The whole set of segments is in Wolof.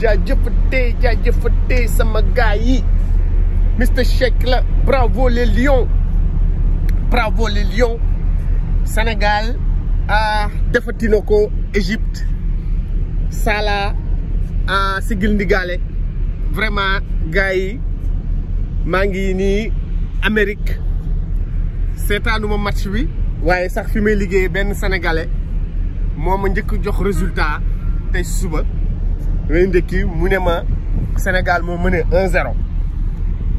jaajëfatee jaajëfatee sama gars yi Mr. Shake bravo les lions bravo les lions Sénégal a défait na Sala, Égypte Salah sigil vraiment gars yi Amérique. C'est un nouveau seetaanuma match oui. waaye sax fi may liggéey benn sénégalais moo ma njëkk jox résultat c'est super rendez qui munema Sénégal mo mené 1-0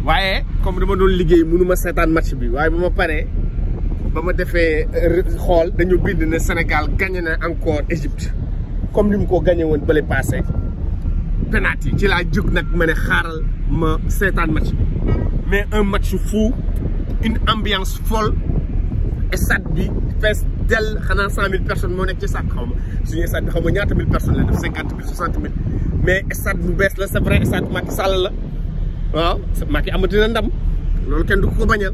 ouais comme nous m'avons donné l'idée munema c'est un match bi ouais mais pareil je me suis fait le Sénégal gagne encore l'Egypte. Comme nous avons gagné dans le passé. Penalty. Je suis dit que je suis allé me faire un match. Mais un match fou, une ambiance folle. Et ça, c'est dès 100 000 personnes qui sont venues. Si vous avez 100 000 personnes, 50 000, 60 000. mais stade bu bees la c'est vrai stade Macky Sall la waaw Macky amatina ndam loolu kenn du ko bañal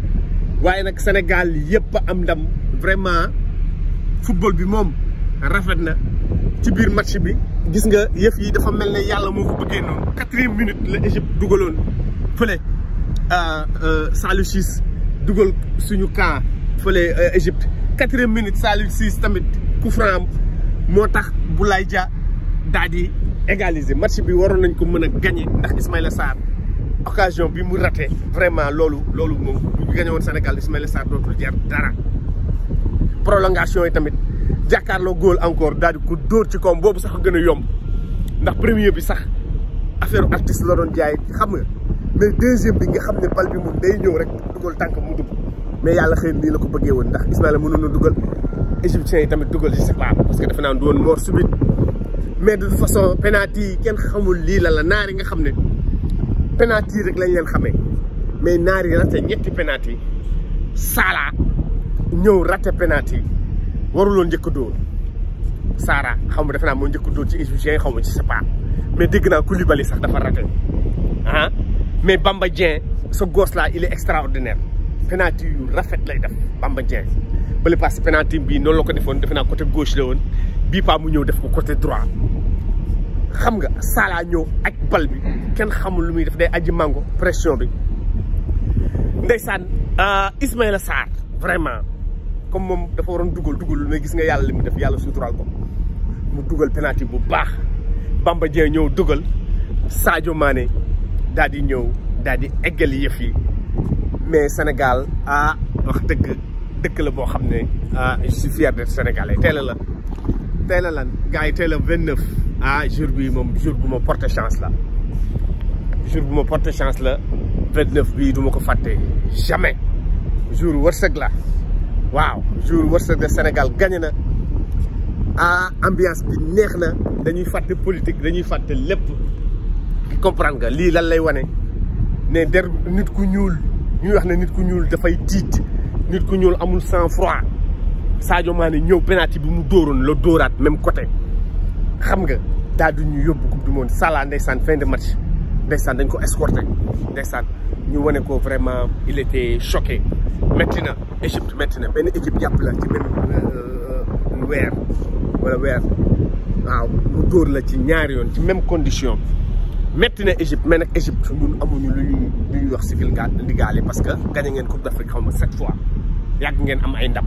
waaye nag Sénégal yëpp am ndam vraiment football bi moom rafet na ci biir match bi gis nga yëf yi dafa mel ne yàlla moo ko bëggee noonu quatrième minute la Égypte dugaloon fële euh, Saliou Ciss dugal suñu camp fële euh, Égypte quatrième minute Saliou Ciss tamit coup franc moo tax Boulaye Dia daal di égaliser match bi waroon nañ ko mën a gagné ndax Ismaïla Sarr occasion bi mu raté vraiment lolu lolu moom bu gagné won Sénégal Ismaïla Sarr dootul jar dara prolongation yi tamit jakarlo góol encore daal di ko door ci kom bobu sax gëna yom ndax premier bi sax affaire artiste la doon jaay xam nga mais deuxième bi nga xam ne bal bi mu day ñëw rek dugal tank mu dugg mais yàlla xëy nii la ko bëggee woon ndax Ismaïla mënoon na dugal égyptien yi tamit dugal je sais pas parce que defe naa du woon mort subit mais de façon penalty yi kenn xamul lii la la naari nga xam ne penalty rek lañ leen xame mais naari raté ñetti penalty yi Salah ñëw raté penalty yi waruloon njëkk a dóor Saara xam nga defe naa moo njëkk a ci égyptien yi xaw ma ci sa pas mais dégg naa Koulibaly sax dafa raté ah mais Bamba Dieng sa gosse là il est extraordinaire penalty yu rafet lay def Bamba Dieng bale passe penalty bii noonu la ko defoon defe naa côté gauche la woon bii paa mu ñëw def ko côté droit xam nga Salah ñëw ak pal bi kenn xamul lu muy def day aji mango pression bi ndeysaan euh, Ismaïla Sarr vraiment comme moom dafa waroon dugal dugal mais gis nga yàlla li mu def yàlla su suturaal ko mu dugal penalty bu baax Bamba Dieng ñëw dugal Sadio Mané daal di ñëw daal di eggal yëf yi mais Sénégal ah wax dëgg dëkk la boo xam ne ah, je suis fier d'être sénégalais teel la. porte la gars ah jour là. mom jour bu chance là. jour bu chance là. 29 neuf jamais jour là jour Sénégal gagné na ah ambiance bi neex na dañuy faté politique dañuy lépp comprendre nga li lan lay wone né nit ku ñuul ñuy wax nit ku ñuul nit ku froid Sadio Mane ñeu penalty bi mu dóoroon le dóoraat même côté xam nga daal du ñu yobbu coupe du monde sala ndeysaan fin de match ndeysaan dañ ko escorté ndeysaan ñu wane ko vraiment il était choqué métti Égypte métti ben équipe japp la ci ben euh weer wala weer waaw mu dóor la ci ñaar yoon ci même condition métti Égypte mais nak Égypte ñun amuñu lu ñuy wax civil ville ligalé parce que gagné ngeen coupe d'Afrique xaw ma sept fois yàgg ngeen am ay ndam.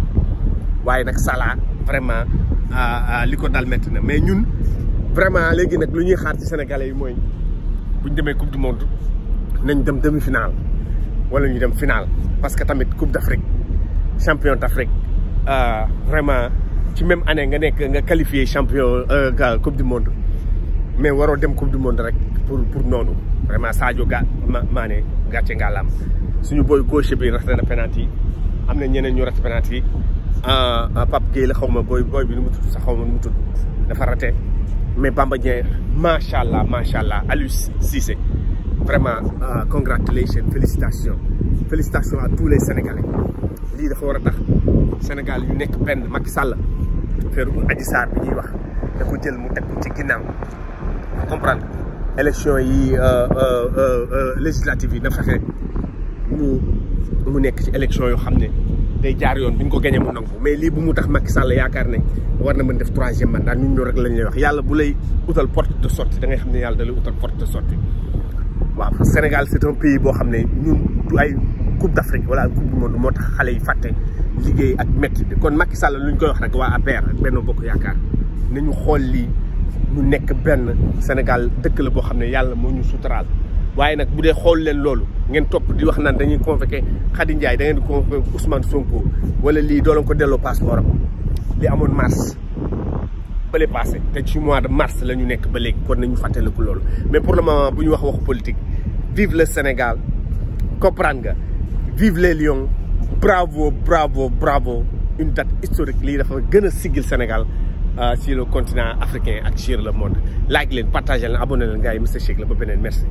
waaye nag Salah vraiment li ko dal métti na mais ñun vraiment léegi nag lu ñuy xaar ci sénégalais yi mooy bu ñu demee coupe du monde nañ dem demi finale wala ñu dem final parce que tamit coupe d' afrique champion d' a euh, vraiment ci même année nga nekk nga qualifié champion euh, coupe du monde mais waroo dem coupe du monde rek pour pour noonu vraiment Sadio ga Mané gàcce ngalaam suñu booy gauche bi raté na penalty am na ñeneen ñu raté penalty Ah, ah, Pape Gueye la xaw ma boy booy bi nu mu tudd sax xaw ma nu mu mais Bamba Dieng macha allah macha allah Aliou Cissé vraiment ah, congratulations félicitations félicitations à tous les sénégalais Li dafa war tax Sénégal yu nekk benn Macky Sall faire Adji Sarr bi ñuy wax da ko jël mu teg ko ci ginnaaw comprendre élection yi euh, euh, euh, législative yi na fexe mu mu nekk ci élection yoo xam ne. day jaar yoon bu ñu ko gañee mu nangu mais lii bu mu tax Macky Sall yaakaar ne war na mën def troisième mandat ñun ñoo rek lañ wax yàlla bu lay utal porte de sortie da xam ne yàlla da lay utal porte de sortie waaw Sénégal c'est un pays boo xam ne ñun du ay coupe d'Afrique wala coupe du monde moo tax xale yi fàtte liggéey ak bi kon Macky Sall lu ñu koy wax rek waa APR ak Benno Bokk Yaakaar nañu xool lii mu nekk benn Sénégal dëkk la boo xam ne yàlla moo ñu suturaal waaye nag bu dee xool leen loolu ngeen topp di wax naan dañuy convoqué Khady Ndiaye da ngeen di convoqué Ousmane Sonko wala lii doo leen ko delloo passeport am li amoon mars bële passé te ci mois de mars la ñu nekk ba léegi kon nañu fàttaliku loolu mais pour le moment bu ñu wax wax politique vive le Sénégal comprendre nga vive les lions bravo bravo bravo une date historique lii dafa gën a siggil Sénégal euh, sur le continent africain ak sur le monde like leen partagé leen beneen merci